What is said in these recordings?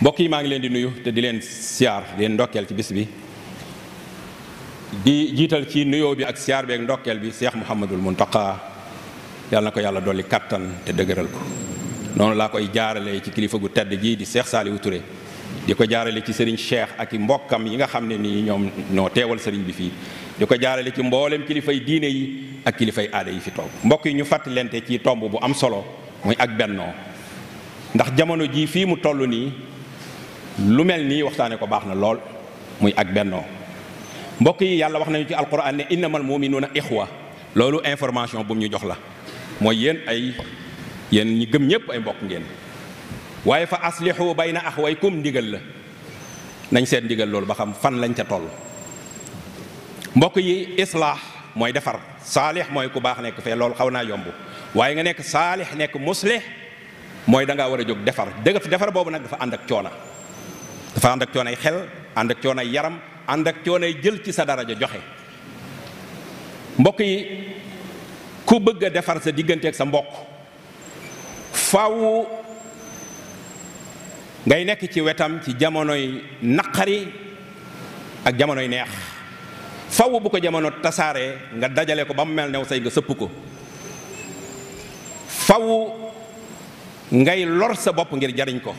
mbokk yi maa ngi leen di nuyu te di leen siyaar di leen ndokkeel ci bis bi di jiital ci nuyoo bi ak siyaar bi ak ndokkeel bi Cheikh Mouhamadul Mountakha yàlla na ko yàlla dolli kattan te dëgëral ko noonu laa koy jaarale ci kilifa gu tedd gii di Cheikh Saliou Touré di ko jaarale ci Serigne Cheikh ak i mbokkam yi nga xam ne nii ñoom ñoo teewal sëriñ bi fii di ko jaarale ci mbooleem kilifay diine yi ak kilifay aada yi fi toog mbokk yi ñu fàttalente ci tomb bu am solo muy ak bennoo lu mel nii waxtaane ko baax na lool muy ak bennoo mbokk yi yàlla wax nañu ci alquran ne innamal muminuuna ixwa loolu information bu mu ñu jox la mooy yéen ay yéen ñi gëm ñépp ay mbokk ngeen waaye fa bay aslihu bayna axwaykum ndigal la nañ seet ndigal loolu ba xam fan lañ ca toll mbokk yi islaax mooy defar saalix mooy ku baax nekk fee loolu xaw naa yomb waaye nga nekk saalix nekk muslix mooy da ngaa war a jóg defar dëgg defar boobu nag dafa ànd ak coona dafa ànd ak coonay xel ànd ak coonay yaram ànd ak coonay jël ci sa daraja joxe mbokk yi ku bëgg a defar sa diggante ak sa mbokk faaw ngay nekk ci wetam ci jamonoy naqari ak jamonoy neex faw bu ko jamono tasaaree nga dajale ko ba mu mel new say nga sëpp ko fawu ngay lor sa bopp ngir jariñ ko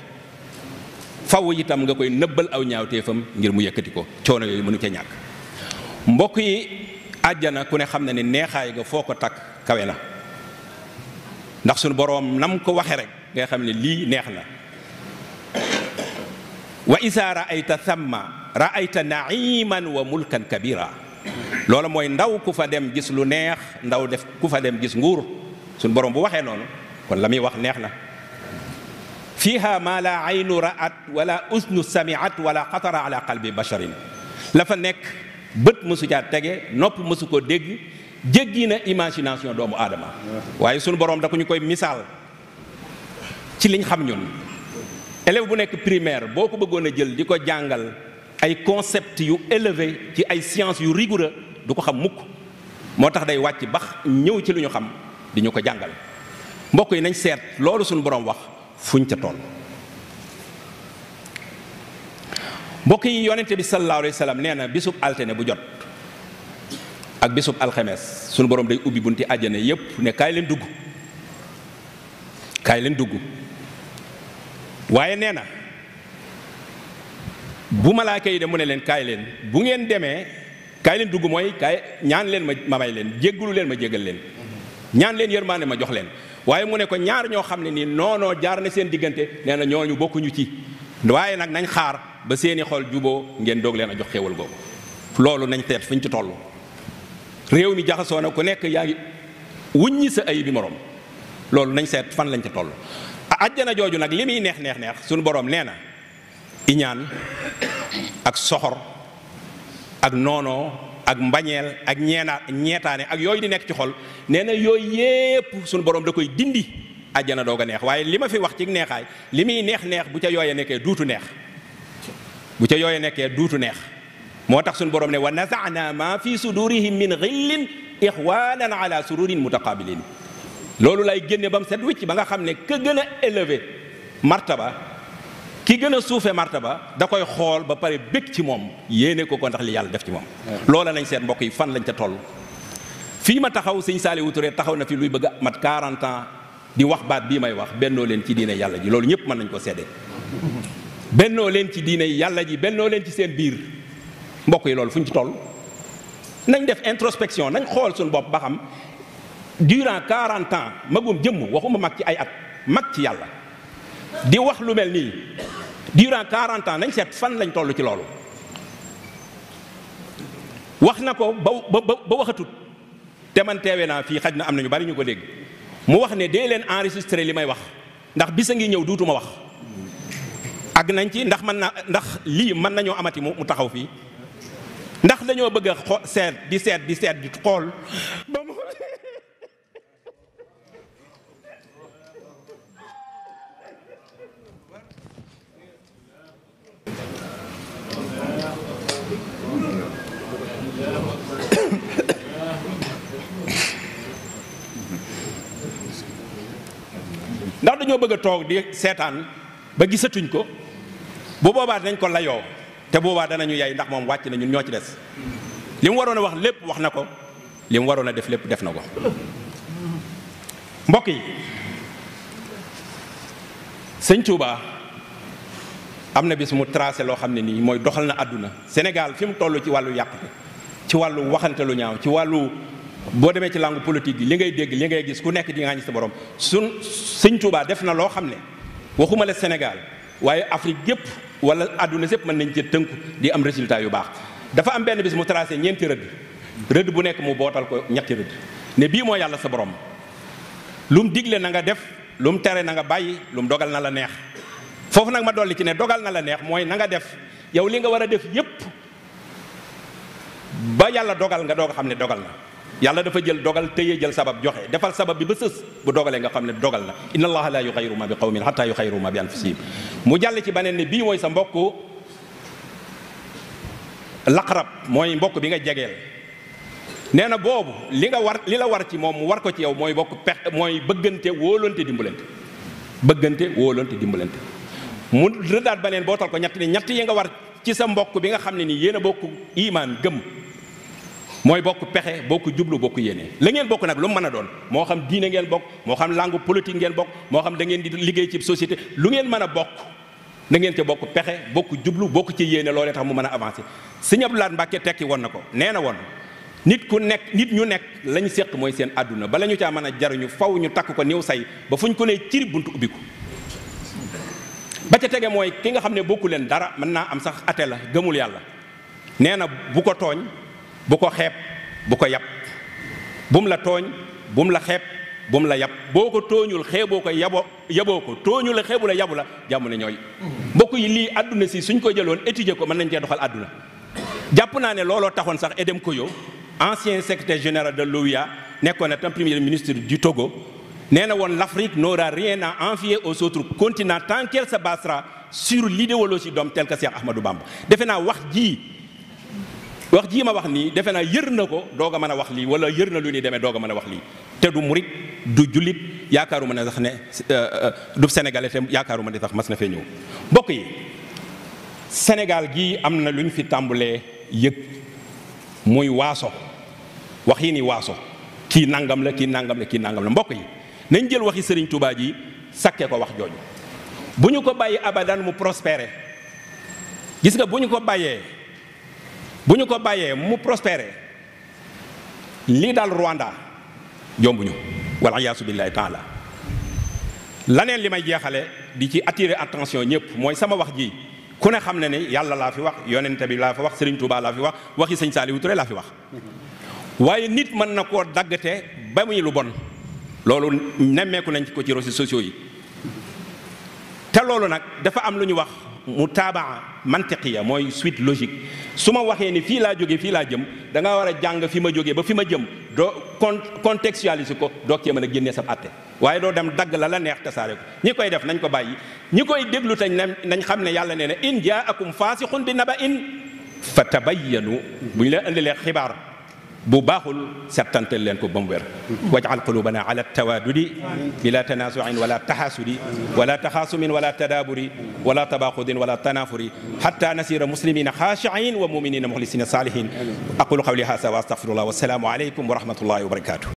faw itam nga koy nëbbal aw ñaawteefam ngir mu yëkkati ko coono yooyu mënu ca ñàkk mbokk yi àjjana ku ne xam na ne neexaay ga foo ko takk kawe na ndax suñu boroom nam ko waxe rek ngay xam ne lii neex na wa isa raayta thamma raayta naiman wa mulkan kabira loolu mooy ndaw ku fa dem gis lu neex ndaw def ku fa dem gis nguur suñu boroom bu waxee noonu kon la muy wax neex na fiha ma la aynu ra'at wala usnu sami'at wala xatara ala qalbi basharin la fa nekk bët mosu caa tege nopp mosu ko dégg jéggi na imagination doomu aadama waaye sunu borom da ko ñu koy misaal ci liñ xam ñun élève bu nekk primaire boo ko bëggoon a jël di ko jàngal ay concept yu élevé ci ay sciences yu rigoureux du ko xam mukk moo tax day wàcc bax ñëw ci lu ñu xam di ñu ko jàngal mbokk yi nañ seet loolu suñu borom wax fuñ ca toll mbokk yi yonente bi sallallahu alayhi wa sallam nee na bésu altine bu jot ak bésu alxemes suñu borom day ubbi bunti àjjana yépp ne kaay leen dugg kaay leen dugg waaye nee na bu malaaka yi de mu ne leen kaay leen bu ngeen demee kaay leen dugg mooy kaay ñaan leen ma ma may leen jéggalu leen ma jéggal leen ñaan leen yërmaande ma jox leen waaye mu ne ko ñaar ñoo xam ne nii noonoo jaar na seen diggante nee na ñooñu bokkuñu ci waaye nag nañ xaar ba seeni xol juboo ngeen doog leen a jox xéewal googu loolu nañ teet fuñ ci toll réew mi jaxasoo na ku nekk yaa ngi wuññi sa ay bi morom loolu nañ seet fan lañ ca toll ajjana jooju nag li muy neex neex neex suñu borom nee na iñaan ak soxor ak noonoo ak mbagnel ak ñeenaa ñeetaane ak yoy di nekk ci xol neena yoy yépp suñu borom da koy dindi aljana doog a neex waye lima fi wax ci neexay limi neex neex bu ca yoyé nekkee dutu neex bu ca yoyé nekkee dutu neex motax tax suñu borom ne wa nazana ma fi sudurihim min xillin ixwanan ala sururin mutaqabilin lolou lay génne bam set wicc ba nga xamné ke gëna élevé martaba ki gëna soufé martaba da koy xol ba pare bëkk ci mom yéné ko ko ndax li yàlla def ci mom loolu lañ seet mbokk yi fan lañ ca toll fi ma taxaw seigne Saliou Touré taxaw na fi luy bëgg mat 40 ans di wax baat bi may wax benno leen ci diine yàlla ji loolu ñëpp man nañ ko sédé benno leen ci diine yàlla ji benno leen ci seen biir mbokk yi loolu fuñ ci toll nañ def introspection nañ xol suñu bop ba xam durant 40 ans magum jëm waxuma mak ci ay at mak ci yàlla di wax lu mel nii durant 40 ans nañ seet fan lañ tollu ci loolu wax na ko ba ba ba waxatut te man teewee naa fii xaj na am na ñu bari ñu ko dégg mu wax ne dee leen enregistré li may wax ndax bis a ngi ñëw duutuma wax àgg nañ ci ndax mën na ndax lii mën nañoo amati mu taxaw fii ndax dañoo bëgg a xo seet di seet di seet di xool ndax dañoo bëgg a toog di seetaan ba gisatuñ ko bu boobaa dinañ ko layoo te boobaa danañu yay ndax moom wàcc nañu ñoo ci des li mu waroon a wax lépp wax na ko li mu waroon a def lépp def na ko mbokk yi sëñ Touba am na bis mu tracé loo xam ne nii mooy doxal na àdduna Sénégal fi mu toll ci wàllu yàqute ci wàllu waxante lu ñaaw ci wàllu boo demee ci langue politique bi li ngay dégg li ngay gis ku nekk di ŋaañ sa borom suñ sëñ Tuubaa def na loo xam ne waxuma la Sénégal waaye Afrique yépp wala àdduna sépp mën nañ ci tënk di am résultat yu baax dafa am benn bis mu tracé ñeenti rëdd rëdd bu nekk mu bootal ko ñetti rëdd ne bii mooy yàlla sa borom lu digle na nga def lu mu tere na nga bàyyi lu dogal na la neex foofu nag ma dolli ci ne dogal na la neex mooy na def yow li nga war a def yépp ba yalla dogal nga dogal xamne dogal na yalla dafa jël dogal teye jël sabab joxe defal sabab bi ba seus bu dogalee nga xamne dogal na inna allaha la yughayyiru ma bi hatta yughayyiru ma bi anfusihim mu jall ci banen ne bii mooy sa mbokk laqrab moy mbokk bi nga neena na li nga war li la war ci mom war ko ci yow moy bokk pex mooy bëggante wóolante dimbalante bëggante wóolante dimbalante mu rëddaat beneen bootal ko ñatt ni ñatt yi nga war ci sa mbokk bi nga xam ni bokk mooy bokk pexe bokk jublu bokk yéene la ngeen bokk nag lu mu mën a doon moo xam diine ngeen bokk moo xam langue politique ngeen bokk moo xam da ngeen di liggéey ci société lu ngeen mën a bokk na ngeen ca bokk pexe bokk jublu bokk ci yéene loolee tax mu mën a avancé sëñ Abdou Lahad Mbacke tekki woon na ko nee na woon nit ku nekk nit ñu nekk la ñu seq mooy seen àdduna bala ñu caa mën a jariñu faw ñu takk ko néew say ba fu ñu ko nee ciri buntu ubbi ko ba ca tege mooy ki nga xam ne bokku leen dara mën naa am sax ate la gëmul yàlla nee buko xeb buko yab bum la togn bum la xeb bum la yab boko toñul tooñul xeeboo yabo yaboko toñul xebula yabula xeebu ñoy yabu la jàmm yi lii àdduna si suñ ko jëloon étudier ko mën nañ doxal aduna japp naa ne looloo taxoon sax Edem Koyo ancien secrétaire général de né nekkoon na tam premier ministre du Togo nee na l'Afrique n'aura rien à envier aux autres continents tant qu'elle se basera sur l'idéologie d'homme tel que Cheikh Ahmadou Bamba defena wax ji wax jii ma wax nii defe naa yër na ko doog a mën a wax lii wala yër na lu ni deme doog mën a wax lii te du murit du jullit yaakaaruma ne sax ne euh, euh, du sénégalais te yaakaaruma ne sax mas na fee ñëw mbokk yi sénégal gii am na lu ñu fi tàmbalee yëg muy waaso wax yi ni waaso kii nangam la kii nangam la kii nangam mbokk yi nañ jël waxi sëriñ Touba ji sakkee ko wax jooju bu ñu ko bàyyi abadan mu prospéré gis nga bu ñu ko bàyyee bu ñu ko bàyyee mu prospérer lii daal Rwanda jombuñu wala yaasu billaahi taala neen li may jeexale di ci attirer attention ñëpp mooy sama wax ji ku ne xam ne ne yàlla laa fi wax yonente bi laa fi wax Serigne Touba laa fi wax waxi sëñ Saliou Touré laa fi wax waaye nit mën na koo daggate ba muy lu bon loolu nemmeeku nañ ko ci réseaux sociaux yi te loolu nag dafa am lu ñu wax mutaabaa mantiqiya mooy suite logique su ma waxee ni fii laa jóge fii laa jëm da nga war a jàng fi ma jógee ba fi ma jëm doo con contextualiser ko doo cee mën a génnee sa àtte waaye doo dem dagg la la neex tasaare ko ñi koy def nañ ko bàyyi ñi koy déglu tañ nañ xam ne yàlla nee na in jaakum faasixun bi naba in fa tabayyanu bu ñu leen indilee xibaar bu baaxul settantal len ko bam wér wajal qulubana ala tawadudi bila tanazu'in wala tahasudi wala taxaasumin wala tadaburi wala tabaqudin wala tanafuri hatta nasira muslimina khashi'in wa muminina mukhlisina salihin aqulu qawli hadha wa astaghfirullah wa assalamu alaykum wa rahmatullahi wa barakatuh